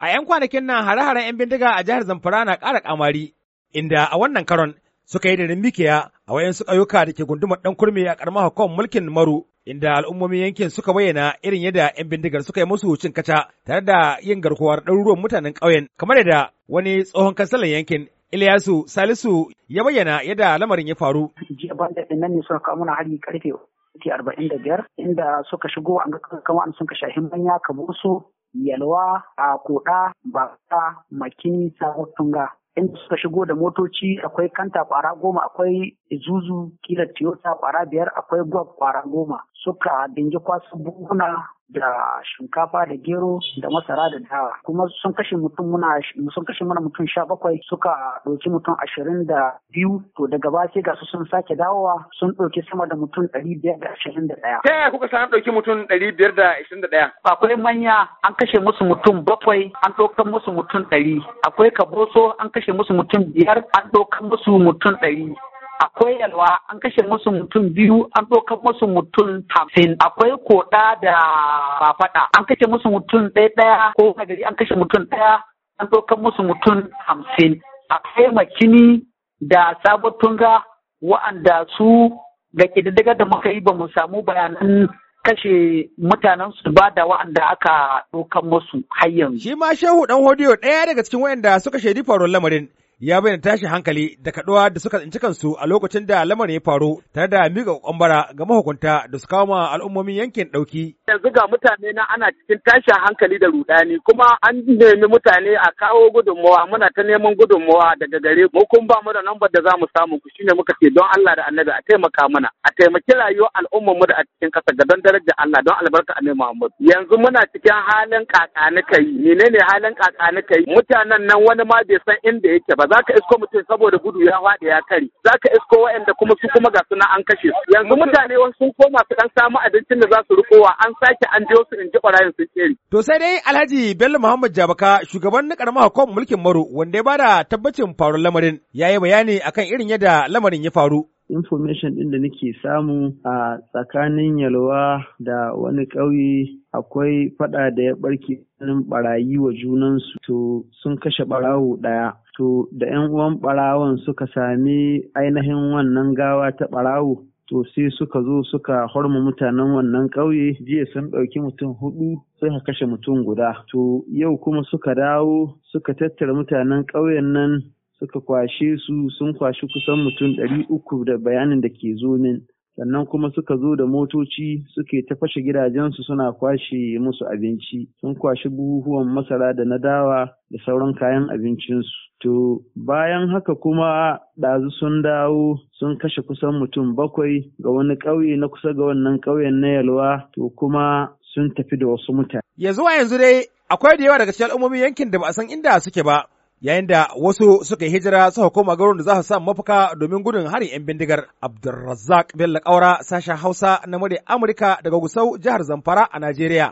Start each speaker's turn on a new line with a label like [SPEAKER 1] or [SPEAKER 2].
[SPEAKER 1] A 'yan kwanakin nan hare-haren 'yan bindiga a jihar Zamfara na ƙara ƙamari, inda a wannan karon suka yi da mikiya a wayansu ƙauyuka da ke gundumar ɗan kurmi a ƙaramar hukumar mulkin Maru, inda al'ummomin yankin suka bayyana irin yadda 'yan bindigar suka yi musu cin kaca tare da yin garkuwar ɗaruruwan mutanen ƙauyen, kamar yadda wani tsohon kansalan yankin Ilyasu Salisu ya bayyana yadda lamarin ya faru. Jiya ba da nan ne suka kawo mana hari karfe
[SPEAKER 2] 45 inda suka shigo an kama an sun ka shahin manya kamar su Yalwa, koda Baka, ta Sabon Tunga. in suka shigo da motoci akwai kanta kwara goma akwai izuzu kila toyota kwara biyar akwai gwab kwara goma suka dinji kwasu buhuna da shinkafa da gero da masara da dawa kuma sun kashe mutum muna sun kashe mana mutum sha bakwai suka ɗauki mutum ashirin da biyu to daga ba sai ga su sun sake dawowa sun ɗauki sama da mutum ɗari biyar da ashirin da ɗaya.
[SPEAKER 3] Ta yaya kuka san ɗauki mutum ɗari biyar da ashirin da ɗaya?
[SPEAKER 4] Akwai
[SPEAKER 2] manya an kashe musu mutum
[SPEAKER 4] bakwai an ɗaukan musu mutum ɗari akwai kaboso an kashe musu mutum biyar an ɗaukan musu mutum ɗari akwai yalwa an kashe musu mutum biyu an ɗaukar musu mutum hamsin akwai koɗa da fafaɗa an kashe musu mutum ɗaya ɗaya ko gari an kashe mutum ɗaya an ɗaukar musu mutum hamsin akwai makini da tunga wa'anda su ga ƙididdigar da muka yi ba mu samu bayanan
[SPEAKER 1] kashe mutanen su ba da wa'anda aka ɗaukan musu har yanzu. Shi ma Shehu ɗan Hodiyo ɗaya daga cikin wayanda suka shaidi faruwar lamarin ya bayyana tashi hankali da kaduwa da suka tsinci kansu a lokacin da lamarin ya faru tare da miƙa kwambara ga mahukunta da su kawo ma al'ummomin yankin ɗauki. Yanzu ga mutane na ana cikin tashin hankali da rudani
[SPEAKER 3] kuma an nemi mutane a kawo gudunmawa muna ta neman gudunmawa daga gare mu kun ba mu da lambar da za mu samu ku shine muka ce don Allah da Annabi a taimaka mana a taimaki rayuwar al'ummar mu da a cikin ƙasa ga don darajar Allah don albarka Annabi Muhammad. Yanzu muna cikin halin kakanikai menene halin kakanikai mutanen nan wani ma bai san inda yake ba za ka isko mutum saboda gudu ya faɗi ya kare za ka isko waɗanda kuma su kuma ga suna an kashe su yanzu mutane wasu sun koma su ɗan samu abincin da za su rikowa an sake an biyo su in ji ɓarayin sun kere.
[SPEAKER 1] to sai dai alhaji bello muhammad jabaka shugaban na karamar hukumar mulkin maro wanda ya bada tabbacin faru lamarin ya yi
[SPEAKER 5] bayani akan irin yadda lamarin ya faru. information ɗin da nake samu a tsakanin yalwa da wani ƙauye akwai faɗa da ya ɓarke ɗanin ɓarayi wa junansu to sun kashe ɓarawo ɗaya to da 'yan uwan ɓarawon suka sami ainihin wannan gawa ta ɓarawo to sai suka zo suka horma mutanen wannan ƙauye jiya sun ɗauki mutum hudu suka kashe mutum guda to yau kuma suka dawo suka tattara mutanen ƙauyen nan suka kwashe su sun kwashi kusan mutum ɗari uku da bayanin da ke zo min sannan kuma suka zo da motoci suke ta fashe gidajensu suna kwashe musu abinci sun kwashi buhuhuwan masara da na dawa da sauran kayan abincinsu to bayan haka kuma ɗazu sun dawo sun kashe kusan mutum bakwai ga wani ƙauye na kusa ga wannan ƙauyen na yalwa to kuma sun tafi da wasu mutane. Ya
[SPEAKER 1] zuwa yanzu dai akwai da yawa daga cikin al'ummomin yankin da ba a san inda suke ba, yayin da wasu suka yi hijira suka koma garin da za su samu mafuka domin gudun harin 'yan bindigar abdulrazzaq bello kaura sashen hausa na murya amurka daga gusau jihar zamfara a najeriya